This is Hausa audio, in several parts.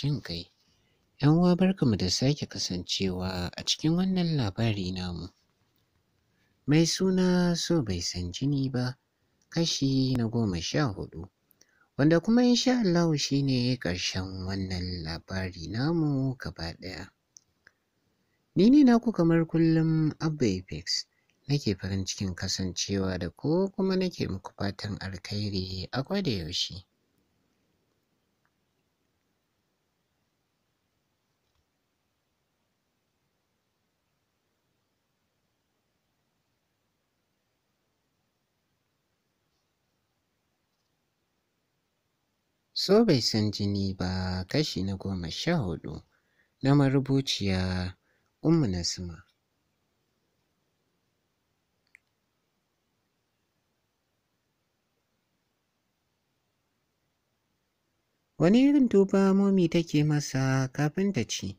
jin kai. ‘Yan uwa barkamu da sake kasancewa a cikin wannan labari namu. Mai suna so bai san jini ba, kashi na goma sha hudu. Wanda kuma insha Allah shi ne ƙarshen wannan labari namu gaba ɗaya. Ni ne naku kamar kullum Abba Apex. nake farin cikin kasancewa da ko kuma nake muku fatan alkhairi a koda yaushe. So bai san jini ba kashi na goma sha hudu na marubuciya Ummu Nasima. Wani irin duba momi take masa kafin ta ci.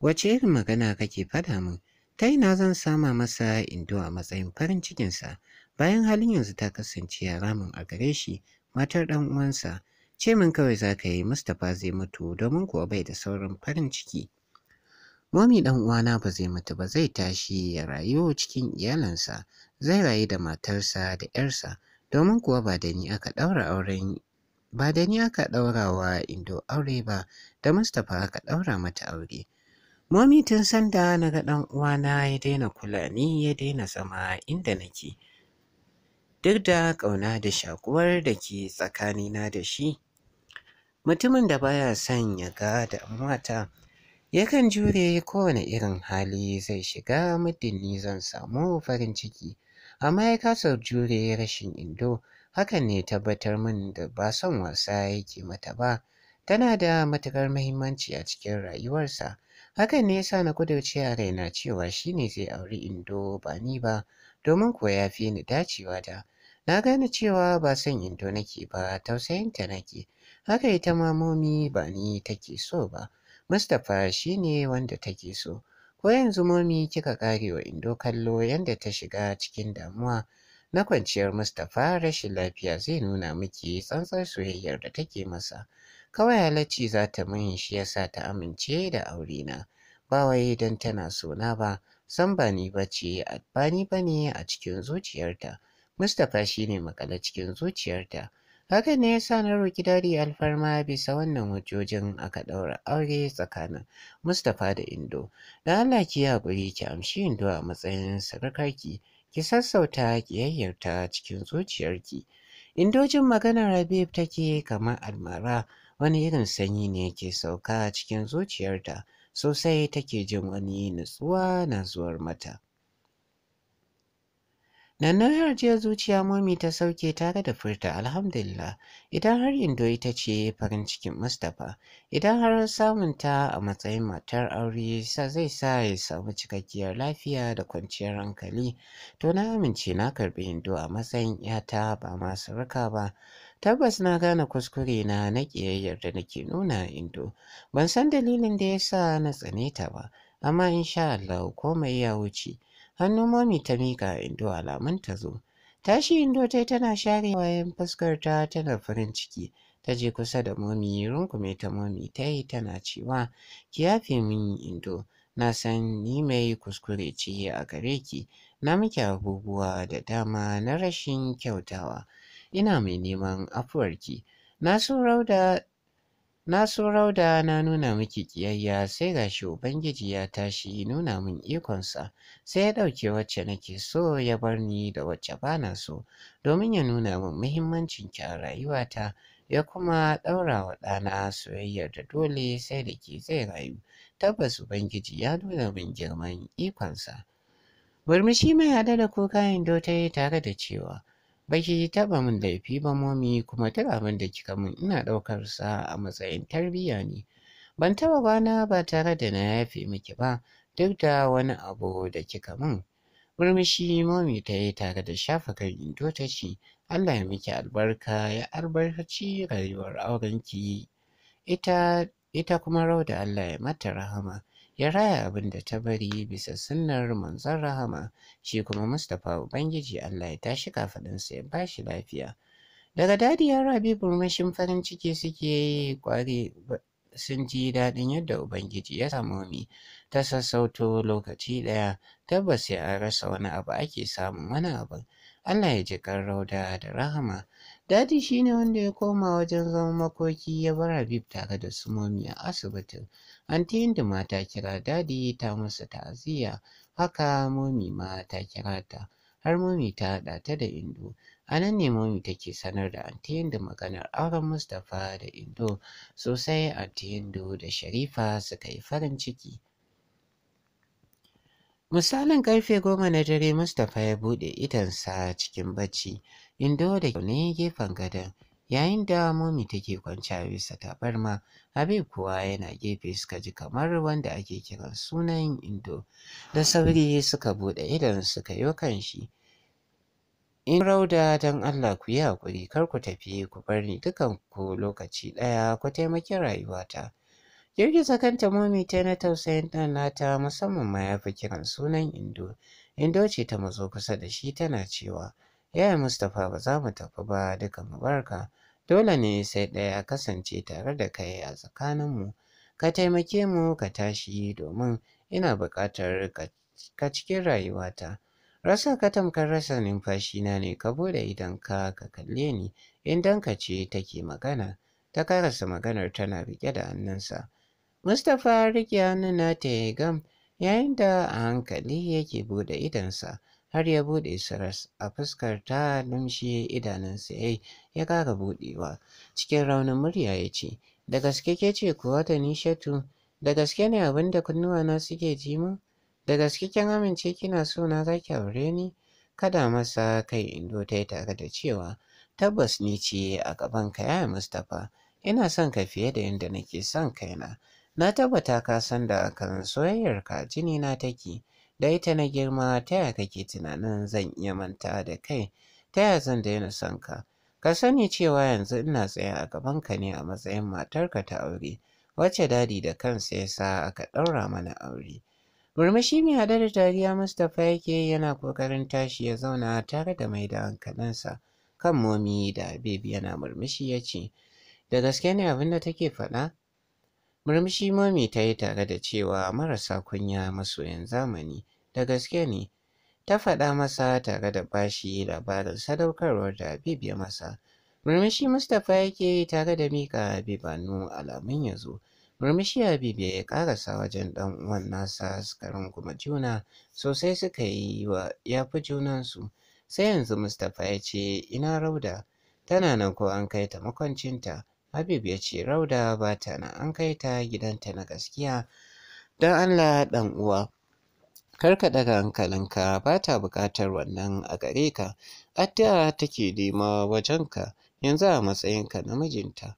Wace irin magana kake faɗa min? Ta ina zan sama masa indo a matsayin farin cikinsa bayan halin yanzu ta kasance a ramin a gare shi matar ɗan uwansa. ce min kawai za ka yi mustapha zai mutu domin kuwa bai da saurin farin ciki momi ɗan uwana ba zai mutu ba zai tashi ya rayu cikin iyalansa zai rayu da matarsa da yarsa domin kuwa ba da ni aka ɗaura auren ba da ni aka ɗaura wa indo aure ba da mustapha aka ɗaura mata aure momi tun sanda na ga ɗan uwana ya daina kula ni ya daina zama inda nake duk da ƙauna da shakuwar da ke tsakanina da shi mutumin da baya son ya ga da mata yakan jure kowane irin hali zai shiga muddin ni zan samu farin ciki amma ya kasa jure rashin indo hakan ne tabbatar min da ba son wasa yake mata ba tana da matuƙar muhimmanci a cikin rayuwarsa hakan ne yasa na kudurce a raina cewa shi ne zai auri indo ba ni ba domin kuwa ya fi ni dacewa da na gane cewa ba son indo nake ba tausayinta nake haka ita ma momi ba ni take so ba mustapha shi ne wanda take so ko yanzu momi kika kare wa indo kallo yanda ta shiga cikin damuwa na kwanciyar mustapha rashin lafiya zai nuna miki tsantsar soyayyar da take masa kawai halacci za ta min shi ya sa ta amince da aurena ba wai don tana so na ba san ba ni ba ce ba ni ba ne a cikin zuciyarta mustapha ne makale cikin zuciyarta Hakan ne yasa na roki dadi alfarma bisa wannan hujjojin aka daura aure tsakanin Mustapha da Indo. Da Allah ki haƙuri ki amshi Indo a matsayin sarakarki, ki sassauta ƙiyayyarta cikin zuciyarki. Indojin maganar Habib take kamar almara wani irin sanyi ne ke sauka cikin zuciyarta sosai take jin wani nutsuwa na zuwar mata. har jiya zuciya momi ta sauke tare da furta alhamdulillah idan har indo ita ce farin cikin Mustapha idan har samun ta a matsayin matar aure sa zai sa ya samu cikakkiyar lafiya da kwanciyar hankali to na amince na karbi indo a matsayin yata ba masu surka ba tabbas na gane kuskure na na kiyayyar da nake nuna indo ban san dalilin da ya sa na tsane ta ba amma insha Allah komai ya wuce hannun momi ta miƙa indo alamun ta zo tashi indo ta tana share wayan fuskar ta tana farin ciki ta je kusa da momi rungume ta momi ta yi tana cewa ki yafe min indo na san ni mai kuskure ce a gare ki na miki abubuwa da dama na rashin kyautawa ina mai neman afuwarki na so rauda Na so rauda na nuna miki kiyayya, sai gashi Ubangiji ya tashi nuna min ikonsa sai ya ɗauke wacce nake so ya bar ni da wacce bana so domin ya nuna min muhimmancin kyan rayuwata ya kuma ɗaura wa ɗana soyayyar da dole sai da ke zai rayu tabbas Ubangiji ya nuna min girman ikonsa. Murmushi mai haɗe da kuka yin ta tare da cewa Baki taɓa min laifi ba momi kuma duk abin da kika min ina ɗaukar sa a matsayin tarbiyya ne. Ban taɓa kwana ba tare da na yafe miki ba duk da wani abu da kika min. Murmushi momi ta yi tare da shafa kan indo ta ce Allah ya miki albarka ya albarkaci rayuwar aurenki. Ita ita kuma da Allah ya mata rahama. ya raya abin da ta bari bisa sunnar manzon rahama shi kuma mustapha ubangiji allah ya tashi kafadansa ya ba shi lafiya daga dadi ya rabi burmashin farin ciki suke yi kwari sun ji daɗin yadda ubangiji ya samu ni, ta sassauto lokaci ɗaya tabbas sai a rasa wani abu ake samun wani abu allah ya ji rauda da rahama Dadi shine wanda ya koma wajen zama makoki ya bar Habib tare da su a asibitin. Anti Hindima ta kira dadi ta musu ta'aziyya, haka momi ma ta kira ta, har momi ta haɗa ta da Indo. A nan ne momi take sanar da Anti Hindu maganar auren Mustapha da Indo, sosai Anti Hindu da Sharifa suka yi farin ciki. Misalin karfe goma na dare Mustapha ya buɗe idonsa cikin bacci, Indo da ne gefen gadon. Yayin da momi take kwance a bisa tabarma, abin kuwa yana gefe suka ji kamar wanda ake kiran sunan Indo. Da sauri suka buɗe idan suka yi kan shi. In rauda don Allah ku yi haƙuri kar ku tafi ku bar ni dukanku lokaci ɗaya ku taimaki rayuwata. Girgiza kanta momi ta na tausayin ɗan nata musamman ma ya fi kiran sunan Indo. Indo ce ta mazo kusa da shi tana cewa Yaya Mustapha ba za mu tafi ba duka mu barka. Dole ne sai ɗaya kasance tare da kai a tsakaninmu. Ka taimake mu ka tashi domin ina buƙatar ka cikin rayuwata. Rasa ka tamkar rasa na ne ka bude idan ka kalle ni idan ka ce take magana. Ta karasa maganar tana riƙe da hannunsa. Mustapha riƙe hannun nata ya gam yayin da a hankali yake bude idonsa. har ya buɗe saras a fuskar ta lumshe idanunsa ya ya ƙara buɗewa cikin raunin murya ya ce da gaske ke ce kuwa ta nishatu da gaske ne abinda kunnuwa na suke ji mu da gaske kin amince kina so na zaki aure ni kada masa kai indo ta yi tare da cewa tabbas ni ce a gaban ka yaya mustapha ina son ka fiye da yadda nake son kaina na tabbata ka san da kan soyayyar ka jini na take da ita na girma ta yaya kake tunanin zan iya manta da kai ta yaya zan daina son ka ka sani cewa yanzu ina tsaye a gabanka ne a matsayin matarka ta aure wacce dadi da kansa ya sa aka ɗaura mana aure murmushi mai haɗe da dariya mustapha yake yana kokarin tashi ya zauna tare da mai da hankalinsa kan momi da habib yana murmushi ya ce da gaske ne abin da take faɗa Murmushi mami ta yi tare da cewa marasa kunya masoyan zamani da gaske ne. Ta faɗa masa tare da bashi labarin sadaukarwar da Habib ya masa. Murmushi Mustapha yake ke tare da Mika Habib hannu alamun ya zo. Murmushi Habib ya karasa wajen ɗan uwan nasa suka runguma juna sosai suka yi wa ya fi junansu. Sai yanzu Mustapha ya ce ina rauda tana nan ko an kai ta makwancinta. Habib ya ce Rauda ba ta nan an kai ta gidanta na gaskiya don Allah ɗan uwa. karka ka ɗaga hankalinka ba ta buƙatar wannan a gare ka, addu'a take nema wajenka yanzu a matsayinka na mijinta.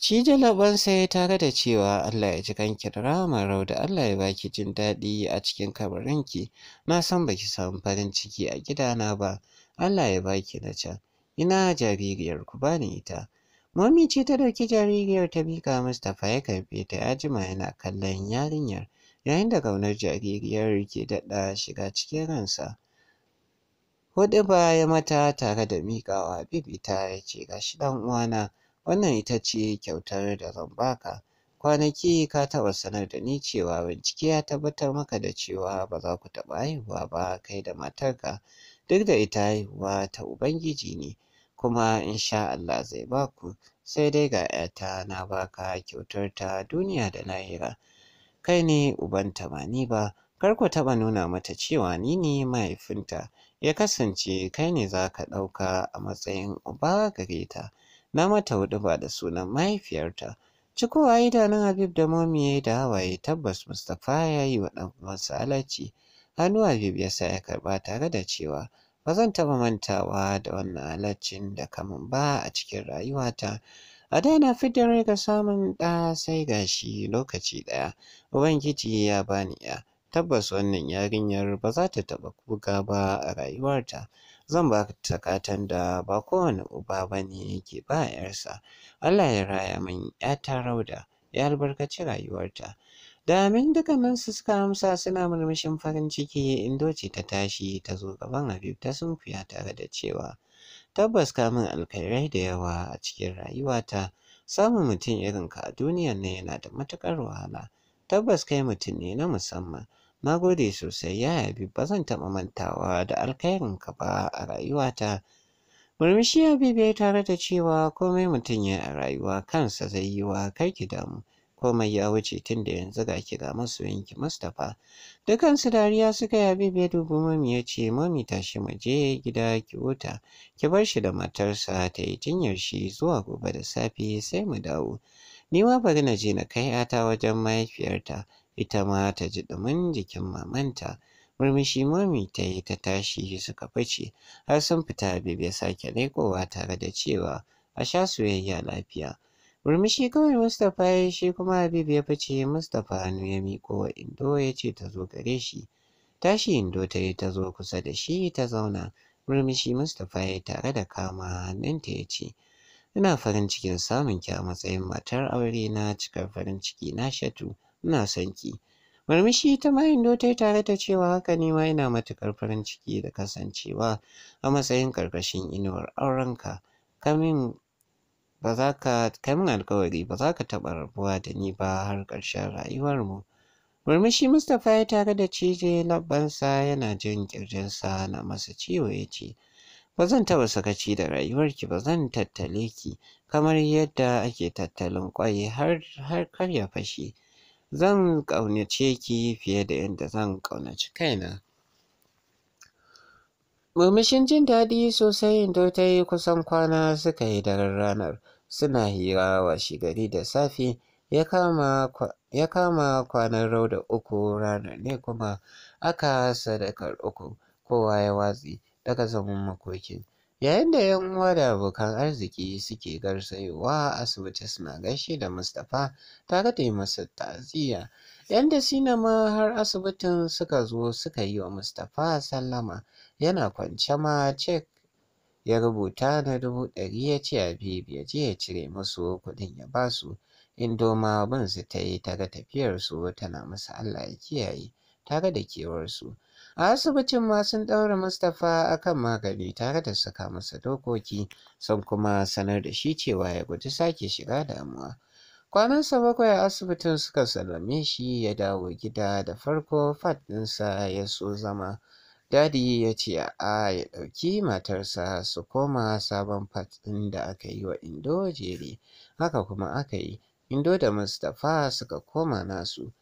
Ci jalaban sai ta da cewa Allah ya ji kanki da rama rauda Allah ya baki jin daɗi a cikin kabarinki, na san baki samu farin ciki a gidana ba, Allah ya baki na can. ina jaririyar ku bani ita. Mami ce ta dauki jaririyar ta mika Mustapha ya karbe ta ya jima yana kallon yarinyar yayin da gaunar jaririyar ke daɗa shiga cikin ransa. hudu ba ya mata tare da miƙawa bibita ya ce gashi ɗan uwana wannan ita ce kyautar da zan baka. Kwanaki ka taɓa sanar da ni cewa bincike ya tabbatar maka da cewa ba za ku taɓa haihuwa ba kai da matarka duk da ita haihuwa ta Ubangiji ne. kuma insha Allah zai baku sai dai ga 'yata na baka kyautar ta duniya da lahira kai ne ubanta ba ni ba kar ku taɓa nuna mata cewa ni ne mahaifinta ya kasance kai ne za ka ɗauka a matsayin uba gare ta na mata ba da sunan mahaifiyarta cikowa idanun habib da momiye da hawaye tabbas mustapha ya yi wa ɗan alaci hannu habib ya sa ya karɓa tare da cewa Ba zan taɓa mantawa da wannan halaccin da kamun ba a cikin rayuwata. A da na fi ga samun ɗa sai gashi lokaci ɗaya. Ubangiji ya bani ya. Tabbas wannan yarinyar ba za ta taɓa kuka ba a rayuwarta. Zan ba ta katan da ba kowane uba ba ne ke ba ‘yarsa. Allah ya raya min ‘ya ta rauda, ya albarkaci rayuwarta. Damin duka dukkaninsu suka amsa suna murmushin farin ciki indo ta tashi ta zo gaban habib ta sunkuya tare da cewa tabbas kamun alkhairai da yawa a cikin rayuwata samun mutum irin ka a duniyar nan yana da matuƙar wahala tabbas kai mutum ne na musamman na gode sosai ya habib ba zan taɓa mantawa da alkhairin ka ba a rayuwata murmushi habib ya tare da cewa komai mutum ya a rayuwa kansa zai yi wa kai ki damu komai ya wuce tun da yanzu ga ki ga masoyinki Mustapha. Dukansu dariya suka yi Habib ya dubi mami ya ce mami tashi mu je gida ki wuta ki bar shi da matarsa ta yi jinyar shi zuwa gobe da safe sai mu dawo. Ni ma bari na je na kai ata wajen mahaifiyarta ita ma ta ji dumin jikin mamanta. Murmushi mami ta yi ta tashi suka fice har sun fita Habib ya sake leƙowa tare da cewa a sha soyayya lafiya. Murmushi kawai Mustapha ya yi shi kuma Habib ya fice Mustapha hannu ya miƙo wa Indo ya ce ta zo gare shi. Tashi Indo ta yi ta zo kusa da shi ta zauna. Murmushi Mustapha ya yi tare da kama hannunta ya ce, Ina farin cikin samun ki a matsayin matar aure na cikar farin ciki na shatu, ina son ki. Murmushi ta ma Indo ta yi tare da cewa haka ni ma ina matuƙar farin ciki da kasancewa a matsayin ƙarƙashin inuwar aurenka. Kamin ba za ka kai min alkawari ba za ka taɓa rabuwa da ni ba har ƙarshen rayuwarmu. Murmushi Mustapha ya tare da cije labbansa yana jin ƙirjinsa na masa ciwo ya ce, Ba zan taɓa sakaci da rayuwarki ba zan tattale ki kamar yadda ake tattalin ƙwai har kar ya fashe. Zan ƙaunace ki fiye da yadda zan ƙaunaci kaina. Murmushin jin daɗi sosai inda ta yi kusan kwana suka yi daren ranar. suna hira wa gari da safe ya kama kwanan rauda uku rana ne kuma aka sadakar uku kowa ya watsi daga zaman makokin yayin da yan uwa da abokan arziki suke garsayowa asibiti suna gaishe da mustapha tare da masa ta'aziyya yan da sinama har asibitin suka zo suka yi wa mustapha sallama yana kwance ma cek ya rubuta na dubu ɗari ya ce Habibu ya je ya cire musu kuɗin ya ba su indoma bin su ta yi ta ga tafiyarsu tana musu Allah ya kiyaye tare da kewarsu. A asibitin ma sun ɗaura Mustapha akan magani tare da saka masa dokoki sun kuma sanar da shi cewa ya guji sake shiga damuwa. Kwanansa bakwai a asibitin suka sallame shi ya dawo gida da farko fat ɗinsa ya so zama. Dadi ya ce a'a ya ɗauki matarsa su koma sabon fat ɗin da aka yi wa Indo jere, haka kuma aka yi, Indo da Mustapha suka koma nasu.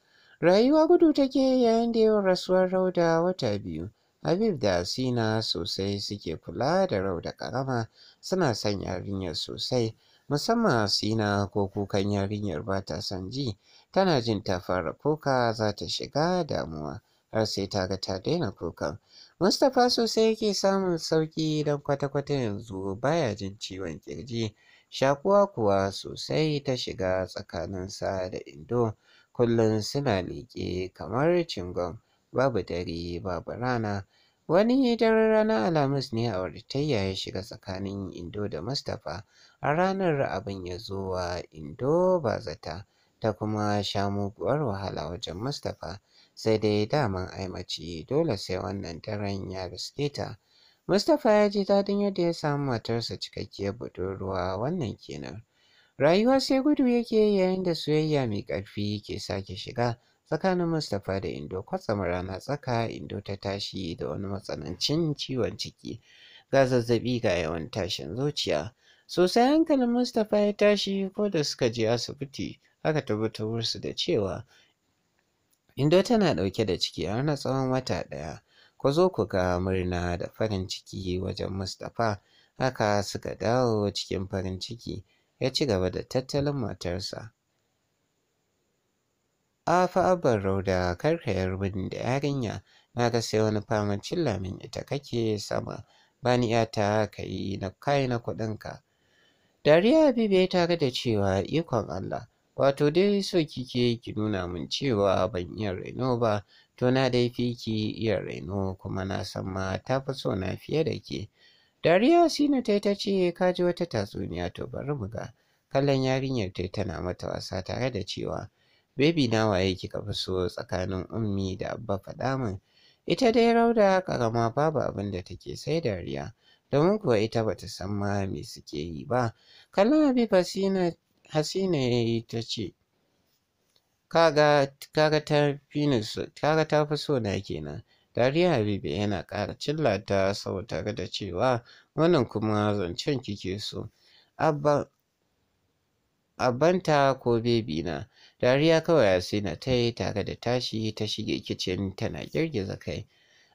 Rayuwa gudu take yayin da yawan rasuwar Rauda wata biyu. Habib da Asina sosai suke kula da Rauda ƙarama suna son yarinyar sosai. Musamman Asina ko kukan yarinyar ba ta son ji, tana jin ta fara kuka za ta shiga damuwa har sai ta ga ta daina kukan. Mustapha sosai yake samun sauƙi don kwata-kwata yanzu baya jin ciwon kirji. Shakuwa kuwa sosai ta shiga tsakaninsa da Indo, kullum suna leƙe kamar cingon, babu dare babu rana. Wani daren ranar Alhamis ne a auratayya ya shiga tsakanin Indo da Mustapha. A ranar abin ya zo wa Indo ba zata, ta kuma sha muguwar wahala wajen Mustapha. sai dai daman ai mace dole sai wannan daren ya riske ta mustapha ya ji daɗin yadda ya samu matarsa cikakkiyar budurwa wannan kenan rayuwa sai gudu yake yayin da soyayya mai ƙarfi ke sake shiga tsakanin mustapha da indo kwatsam rana tsaka indo ta tashi da wani matsanancin ciwon ciki ga zazzaɓi ga yawan tashin zuciya sosai hankalin mustapha ya tashi ko da suka je asibiti aka tabbatar da cewa Indo tana ɗauke da ciki har na tsawon wata ɗaya. Ku zo ku ga murna da farin ciki wajen Mustapha. Haka suka dawo cikin farin ciki ya ci gaba da tattalin matarsa. A fa'abar rauda karkayar bin da yarinya na ga sai wani faman min ita kake sama bani yata ka yi na kai na kuɗinka. Dariya Habibu ta tare da cewa ikon Allah wato dai so kike ki nuna min cewa ban iya raino ba to na dai fi ki iya raino kuma na san ma ta fi so na fiye da ke dariya sina tai ta ce ka ji wata tatsuniya to bari mu ga kallon yarinyar tai tana mata wasa tare da cewa bebi na waye kika fi so tsakanin ummi da abba faɗa min ita dai rauda karama babu abin da take sai dariya domin kuwa ita bata san ma me suke yi ba kallon habiba sina Hasina ta ce, kaga ta fi so na kenan. Dariya Habibu yana ƙara cillata sau tare da cewa wannan kuma zancen kike so. Abba Abbanta ko na dariya kawai Hasina ta yi tare da tashi ta shige kicin tana girgiza kai.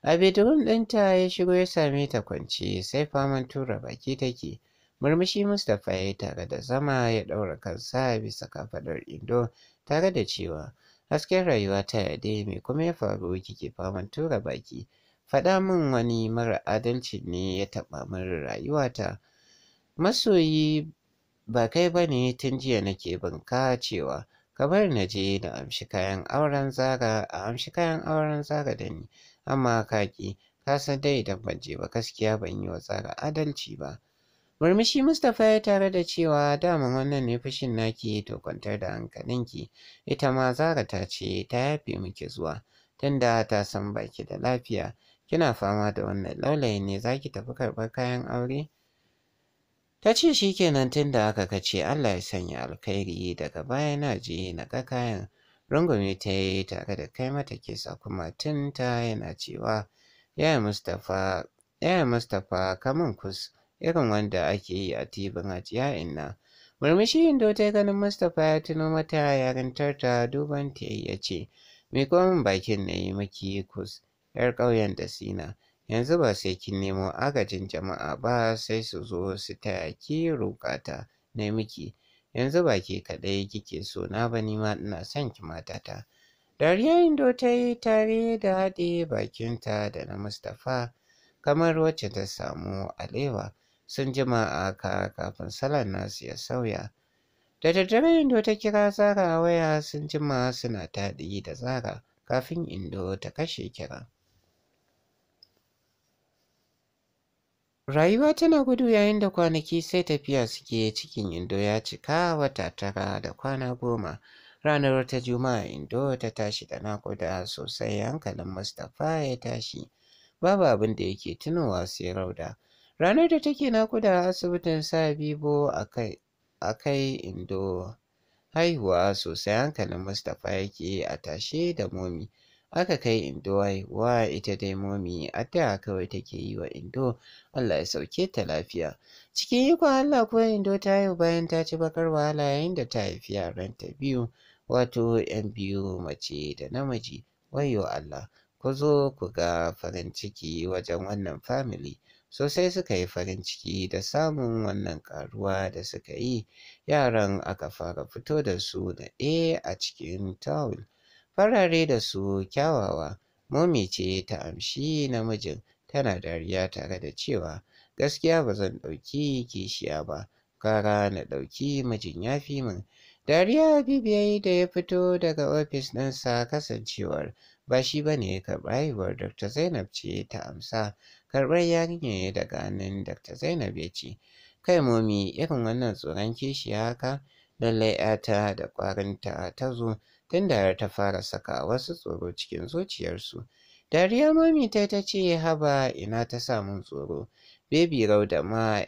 A ɗinta ya shigo ya same ta kwance sai faman tura baki take. Murmushi Mustapha ya yi tare da zama ya ɗaura kansa bisa kafaɗar Indo tare da cewa hasken rayuwa ta yade me kuma ya faru kike faman tura baki. Faɗa min wani mara adalci ne ya taɓa min rayuwata. Masoyi ba kai ba ne tun jiya nake binka cewa kamar na je na amshi kayan auren zara a amshi kayan auren zara da ni amma kaki ka san dai idan ban je ba gaskiya ban yi wa tsara adalci ba. Murmushi Mustapha ya tare da cewa dama wannan ne fushin naki to kwantar da hankalinki ita ma Zara ta ce ta yafe miki zuwa tunda ta san baki da lafiya kina fama da wannan laulayi ne zaki tafi karɓar kayan aure ta ce shi kenan tunda aka kace Allah ya sanya alkhairi daga baya na je na ga kayan rungume ta yi tare da kai mata kisa kuma tun ta yana cewa yaya Mustapha yaya Mustapha kamun kus irin wanda ake yi a tibin hajiya inna. Murmushi indo ta ganin Mustapha ya tuno mata yarintarta duban ta ya ce, Me min bakin na yi maki kus, ‘yar ƙauyen da sina, yanzu ba sai kin nemo agajin jama'a ba sai su zo su taya ki roƙata na miki, yanzu ba ke kaɗai kike so na ba ni ma ina son ki matata. Dariya indo ta yi tare da haɗe bakinta da na Mustapha kamar wacce ta samu alewa. sun jima a ka kafin salon nasu ya sauya. Da daddare Indo ta kira Zara waya sun jima suna taɗi da Zara kafin Indo ta kashe kira. Rayuwa tana gudu yayin da kwanaki sai tafiya suke cikin Indo ya cika wata tara da kwana goma. Ranar ta Juma'a Indo ta tashi da naƙuda sosai hankalin Mustapha ya tashi. Babu abin da yake tunowa sai rauda. Ranar da take nakuda a asibitin sa-bibo a kai Indo haihuwa sosai hankalin Mustapha yake a tashe da momi. Aka kai Indo haihuwa ita dai momi A addu'a kawai take yi wa Indo Allah ya sauke ta lafiya. Cikin kwa Allah kuwa Indo ta haihu bayan ta ci bakar wahala yayin da ta haifi yaranta biyu wato 'yan biyu mace da namiji. Wayyo Allah, ku zo ku ga farin ciki wajen wannan famili. sosai suka yi farin ciki da samun wannan karuwa da suka yi yaran aka fara fito da su da ɗaya a cikin tawul farare da su kyawawa momi ce ta amshi namijin tana dariya tare da cewa gaskiya ba zan ɗauki kishiya ba kara na ɗauki mijin ya fi min dariya bibiyai da ya fito daga ofis ɗinsa kasancewar ba shi ba ne karɓa dr zainab ce ta amsa Karɓar yarinya ne daga hannun Dr. Zainab ya ce, Kai momi irin wannan tsoron kishiya haka lallai 'ya ta da ƙwarinta ta zo tun da ta fara saka wasu tsoro cikin zuciyarsu. Dariya momi ta ta ce haba ina ta sa samun tsoro, bebi rauda ma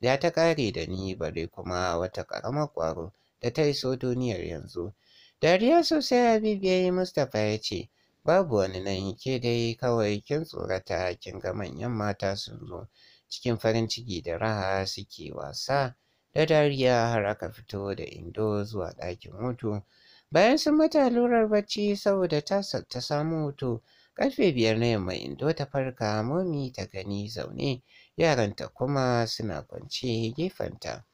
ya ta ƙare da ni bare kuma wata ƙaramar ƙwaro da ta iso duniyar yanzu. Dariya sosai Habibu ya Mustapha ya ce, babu wani nan ke dai kawai kin tsorata kin ga manyan mata sun zo cikin farin ciki da raha suke wasa da dariya har aka fito da indo zuwa ɗakin hutu bayan sun mata lurar bacci saboda ta samu hutu karfe biyar na yamma indo ta farka momi ta gani zaune yaranta kuma suna kwance gefenta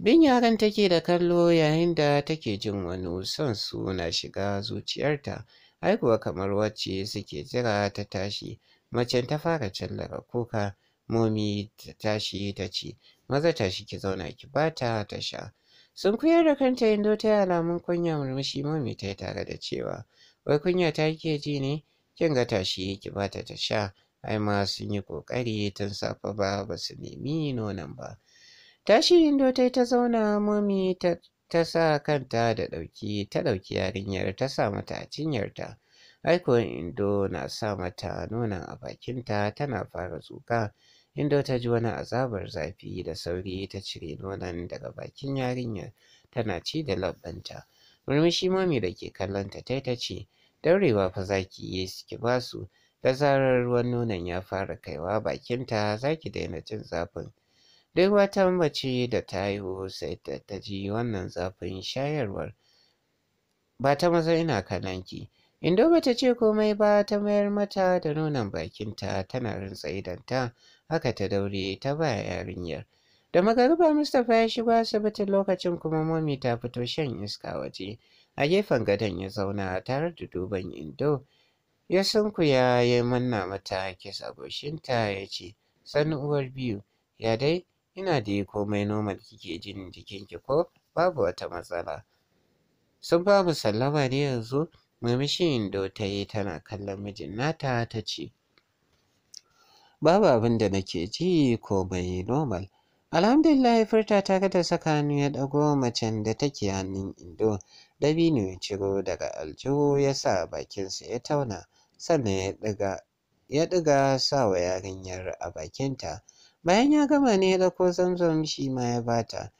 bin yaran take da kallo yayin da take jin wani son su na shiga zuciyarta ai kuwa kamar wacce suke jira ta tashi macen ta fara cillara kuka momi ta tashi ta ce maza tashi ki zauna ki bata ta sha sun kuyar da kanta indo ta yi alamun kunya murmushi momi ta yi tare da cewa wai kunya ta ke ji ne kin ga tashi ki bata ta sha ai ma sun yi kokari tun safe ba ba su nemi nonon ba tashi indo ta ta zauna momi ta ta sa kanta da ɗauki ta ɗauki yarinyar ta sa mata a cinyarta aikuwan indo na sa mata nonon a bakinta tana fara tsuka indo ta ji wani azabar zafi da sauri ta cire nonon daga bakin yarinyar tana ci da labbanta murmushi mami da ke kallonta ta ta ce daurewa fa zaki yi ki basu da zarar ruwan nonon ya fara kaiwa bakinta zaki daina jin zafin Duk wata mace da ta haihu sai da ta ji wannan zafin shayarwar. Ba ta maza ina kananki. Indo bata ce komai ba ta mayar mata da nonon bakinta tana rintsa idanta haka ta daure ta ba yarinyar. Da magariba Mustapha ya shigo asibitin lokacin kuma Mami ta fito shan iska waje. A gefen gadon ya zauna tare da duban Indo. Ya sunkuya ya manna mata kisa goshinta ya ce, Sannu uwar biyu, ya dai ina da komai nomal kike jin jikinki ko babu wata matsala sun ba mu sallama ne yanzu murmushin da ta yi tana kallon mijin nata ta ce babu abin da nake ji komai nomal. alhamdulillah furta ta ga saka hannu ya ɗago macen da take hannun indo dabino ya ciro daga aljihu ya sa bakinsa ya tauna sannan ya ɗiga ya ɗiga sa wa yarinyar a bakinta bayan ya gama ne ya ɗauko zamzam shi ma ya bata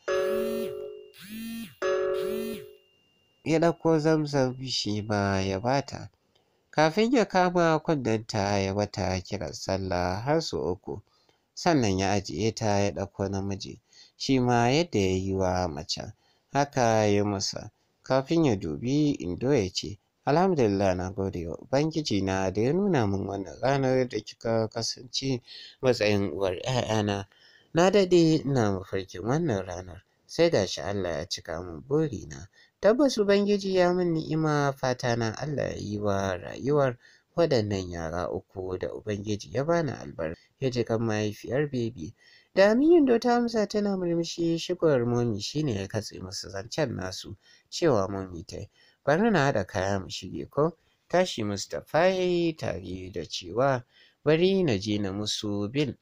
ya dako zamzam shi ma ya bata kafin ya kama kunnenta ya bata kiran sallah har su uku sannan ya ajiye ta ya ɗauko namiji shi ma yadda ya yi wa macen haka ya musa kafin ya dubi indo ya ce Alhamdulillah na gode wa Ubangiji na da ya nuna min wannan ranar da kika kasance matsayin uwar 'ya'yana. Na daɗe ina mafarkin wannan ranar sai ga shi Allah ya cika min na. Tabbas Ubangiji ya min ni'ima fata na Allah ya yi wa rayuwar waɗannan yara uku da Ubangiji ya bani albarka ya ji kan mahaifiyar bebi. Da Aminu ta amsa tana murmushi shigowar momi shine ya katse masu zancen nasu cewa momi ta yi. bari na haɗa kaya mu shige ko tashi mustapha tare da cewa bari na je na musu bil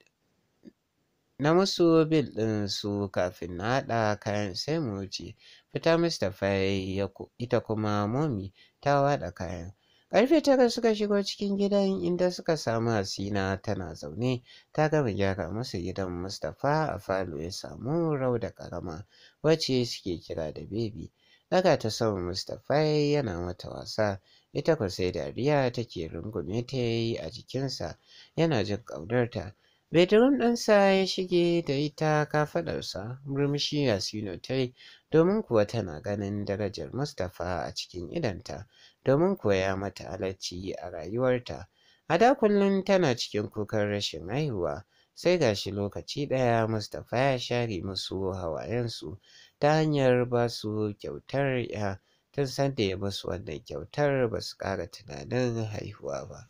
na musu bil ɗin su kafin na haɗa kayan sai mu wuce fita mustapha ya ita kuma momi ta waɗa kayan Ƙarfe tara suka shigo cikin gidan inda suka samu asina tana zaune ta gama gyara musu gidan Mustapha a falo ya samu rau da ƙarama wacce suke kira da baby Daga ta sama Mustapha yana mata wasa, ita kuma sai dariya take rungume ta yi a jikinsa yana jin ƙaunarta. Bedroom ɗansa ya shige da ita kafaɗarsa, murmushi Yasino ta yi, domin kuwa tana ganin darajar Mustapha a cikin idanta, domin kuwa ya mata halacci a rayuwarta. A da kullum tana cikin kukan rashin haihuwa, sai gashi lokaci ɗaya Mustapha ya share musu hawayensu. ta hanyar ba su kyautar ya tun sanda ya musu wannan kyautar ba su ƙara tunanin haihuwa ba.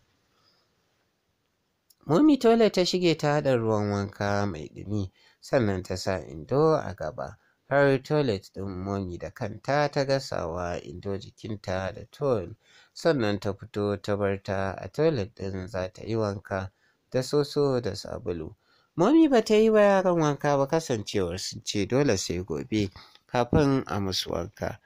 Mummy Tola ta shige ta haɗa ruwan wanka mai ɗumi sannan ta sa indo a gaba har toilet ɗin Mummy da kanta ta gasawa indo jikinta da towel sannan ta fito ta bar ta a toilet ɗin za ta yi wanka da soso da sabulu. Momi ba ta yi wa yaran wanka ba kasancewar sun ce dole sai gobe kafin a musu wanka.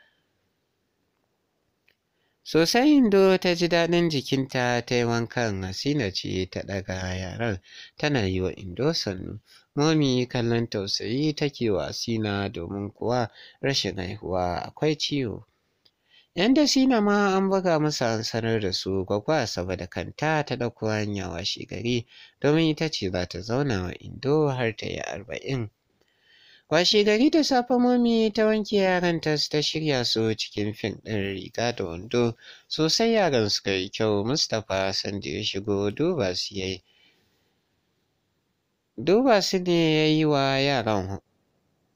Sosai Indo ta ji daɗin jikinta ta yi wankan Hasina ce ta ɗaga yaran tana yi wa Indo sannu. Momi kallon tausayi take wa Hasina domin kuwa rashin haihuwa akwai ciwo. Yan na ma an buga masa an sanar da su gwagwa saba da kanta ta ɗauko hanya washe gari domin ita ce za ta zauna wa indo har ta yi arba'in. Washe gari da safe momi ta wanke yaran ta ta shirya su cikin fim ɗin riga da wando sosai yaran suka yi kyau Mustapha sanda ya shigo duba su yayi. Duba su ne ya yi wa yaran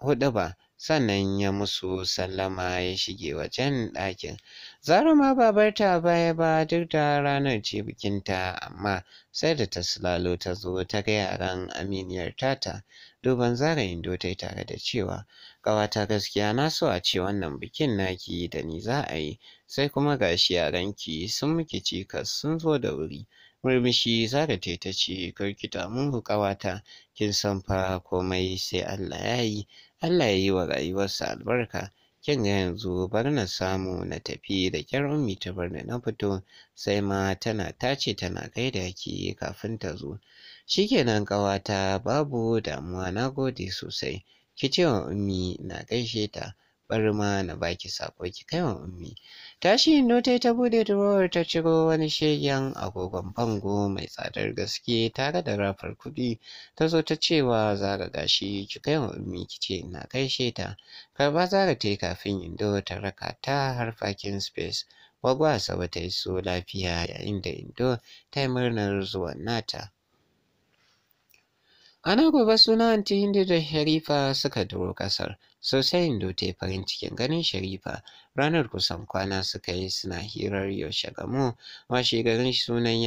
huɗu ba sannan ya musu sallama ya shige wajen ɗakin. Zara ma babarta baya ba duk da ranar ce bikinta amma sai da ta sulalo ta zo ta ga yaran aminiyar tata duban Zara Indo ta yi tare da cewa ƙawata gaskiya na so a ce wannan bikin naki da ni za a yi sai kuma gashi ki sun miki cikas sun zo da wuri. murmushi zara ta ta ce karki damu ƙawata kin san fa komai sai Allah ya yi Allah ya yi wa rayuwarsa albarka kin ga yanzu bar na samu na tafi da kyar ummi ta bar na fito sai ma tana tace tana kai da ki kafin ta zo shikenan ƙawata babu damuwa na gode sosai ki ce wa ummi na gaishe ta bar ma na baki sako ki kai wa ummi Tashi Indo ta yi ta bude durowar ta ciro wani shegen agogon bango mai tsadar gaske tare da rafar kuɗi ta zo ta cewa Zara gashi ki kai wa ummi ki ce ina gaishe ta. Karba Zara ta yi kafin Indo ta raka ta har fakin space. wagwa Asabe ta iso lafiya yayin da Indo ta yi murnar zuwan nata. Ana gobe suna anti Hindu da Sharifa suka duro ƙasar. sosai indo ta yi farin cikin ganin sharifa ranar kusan kwana suka yi suna hirar yaushe gamo washe garin sunan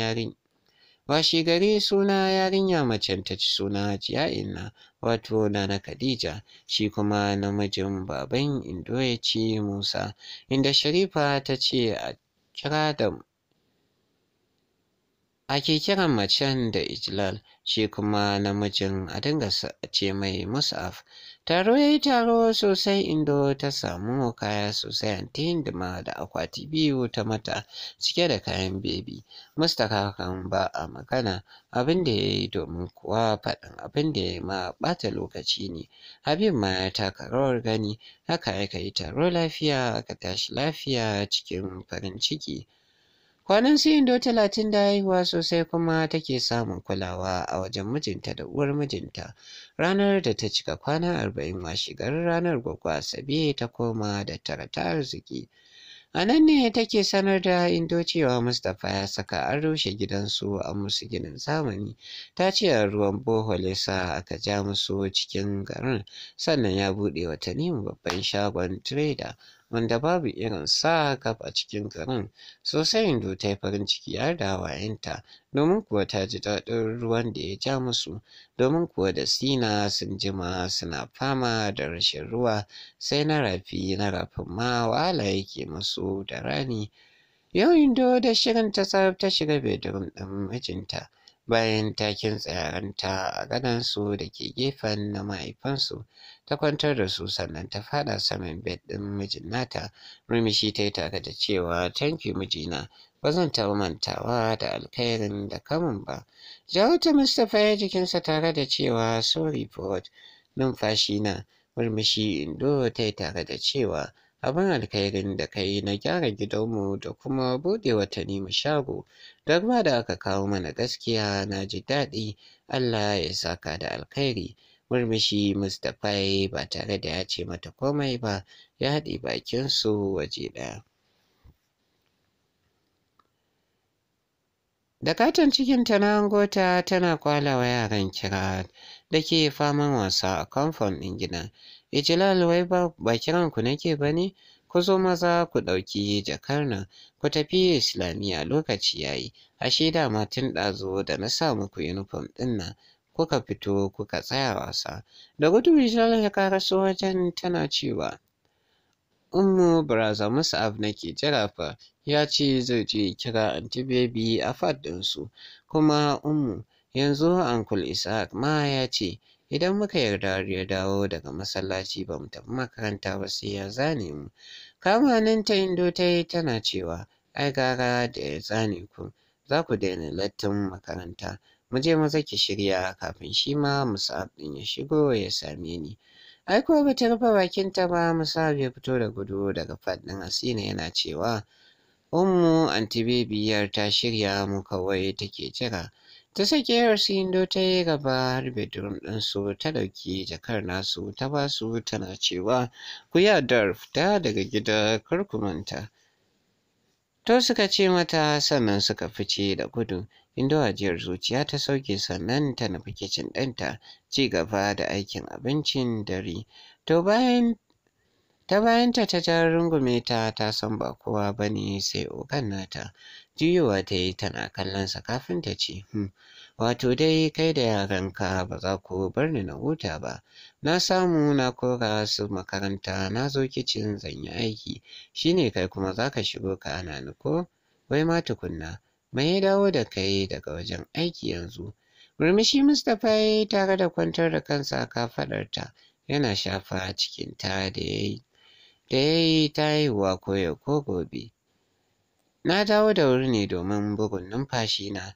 gari suna yarinya macen ta ci suna hajiya inna wato nana khadija shi kuma namijin baban indo ya ci musa inda sharifa ta ce a kira da ake kiran macen da ijlal shi kuma namijin a dinga ce mai mus'af Taro ya yi taro sosai indo ta samu kaya sosai antin ma da akwati biyu ta mata cike da kayan bebi. Mustaka kan ba a magana abin da ya yi domin kuwa faɗin abin da ya ma ɓata lokaci ne. Habib ma ya taka rawar gani haka ka yi taro lafiya ka tashi lafiya cikin farin ciki. Kwanan su Indo talatin da haihuwa sosai kuma take samun kulawa a wajen mijinta da uwar mijinta. Ranar da ta cika kwana arba'in shigar ranar gwagwa Sabiye ta koma da tara ta arziki. A nan ne take sanar da Indo cewa Mustapha ya saka an rushe gidansu a musu ginin zamani. Ta ce a ruwan bohole sa aka ja musu cikin garin sannan ya buɗe wata babban shagon tireda. wanda babu irin sa kaf a cikin garin sosai indo ta yi farin ciki har da hawayenta domin kuwa ta ji daɗin ruwan da ya ja musu domin kuwa da sina sun jima suna fama da rashin ruwa sai na rafi na rafin ma wahala yake musu da rani yau indo da shirin ta ta shiga bedroom ɗin mijinta bayan takin kintsa a gadonsu da ke gefen na mahaifansu ta kwantar da su sannan ta fada saman bed ɗin mijin nata murmushi ta yi tare da cewa thank you mijina ba zan taɓa mantawa da alkhairin da kamun ba jawo ta mustapha ya jikinsa tare da cewa sorry for numfashi na murmushi indo ta yi tare da cewa abin alkhairin da ka yi na gyara gidanmu da kuma buɗe watanni mu shago. Da ruwa da aka kawo mana gaskiya na ji daɗi Allah ya saka da alkhairi. Murmushi Mustapha ba tare da ya ce mata komai ba ya haɗe bakinsu waje ɗaya. Da katon cikinta na angota tana kwalawa yaran kira da ke faman wasa a kamfan ɗin gidan. ya ji ba ba kiran ku nake bane ne ku zo maza ku ɗauki jakar nan ku tafi islamiyya lokaci ya yi ashe dama tun ɗazo da na sa muku yunifom ɗin nan kuka fito kuka tsaya wasa da gudu rijal ya karaso wajen tana cewa Ummu braza Musa'ab nake jira fa ya ce zai je kira anti baby a fat su kuma Ummu yanzu Uncle Isaac ma ya ce idan muka yarda har ya dawo daga masallaci ba mu tafi makaranta ba sai ya zane mu Kamanin ta indo ta yi tana cewa ai gara da ya zane ku za ku daina lattin makaranta mu je maza ki shirya kafin shi ma musab ya shigo ya same ni ai ko ba ta rufe bakinta ba musab ya fito da gudu daga faɗin asina yana cewa ummu anti ta shirya mu kawai take jira ta sakewar sindo ta yi gaba har bedroom su ta ɗauki jakar nasu ta basu tana cewa ku yi fita daga gida kar manta to suka ce mata sannan suka fice da gudu inda ajiyar zuciya ta sauke sannan ta nufi kicin ɗinta ci gaba da aikin abincin dare to bayan ta bayanta ta jar rungume ta ta san ba kowa bane sai ogan nata Jiyowa ta yi tana kallonsa kafin ta ce, hmm, Wato dai kai da yaranka ba za ku bar ni na huta ba. Na samu na kora su makaranta na zo kicin zan yi aiki, shi ne kai kuma za ka shigo ka ana ni ko? Wai ma tukunna, mai ya dawo da kai daga wajen aiki yanzu? Murmushi Mustapha ya yi tare da kwantar da kansa faɗar ta. yana shafa cikinta da ya yi. Da yi ta haihuwa ko ko gobe. Na dawo da wuri ne domin bugun numfashi na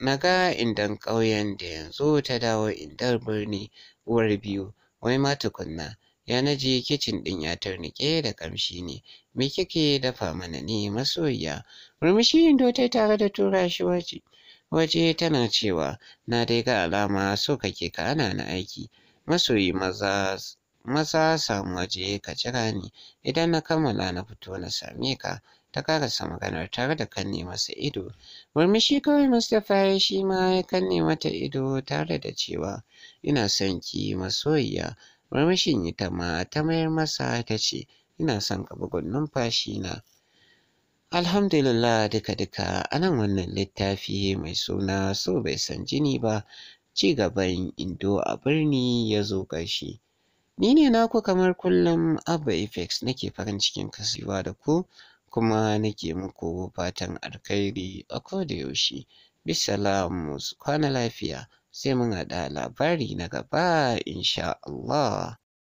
na ga indan ƙauyen da yanzu ta dawo indar birni uwar biyu wai ma tukunna ya na kicin ɗin ya tarnike da ƙamshi ne me kike dafa mana ne masoyiya murmushi indo tai tare da tura shi waje waje tana cewa na dai ga alama so kake ka ana na aiki masoyi maza maza samu waje ka jira ni idan na kammala na fito na same ka ta karasa maganar tare da kanne masa ido murmushi kawai mustapha ya shi ma ya kanne mata ido tare da cewa ina son ki masoyiya murmushin ita ma ta mayar masa ta ce ina son ka bugun numfashi na alhamdulillah duka duka Anan wannan littafi mai suna so bai san jini ba ci gaban indo a birni ya zo ƙarshe ni ne naku kamar kullum abba apex nake farin cikin kasuwa da ku kuma nake muku fatan alkhairi a yaushe. Bisalam kwana lafiya sai mun haɗa labari na gaba insha Allah.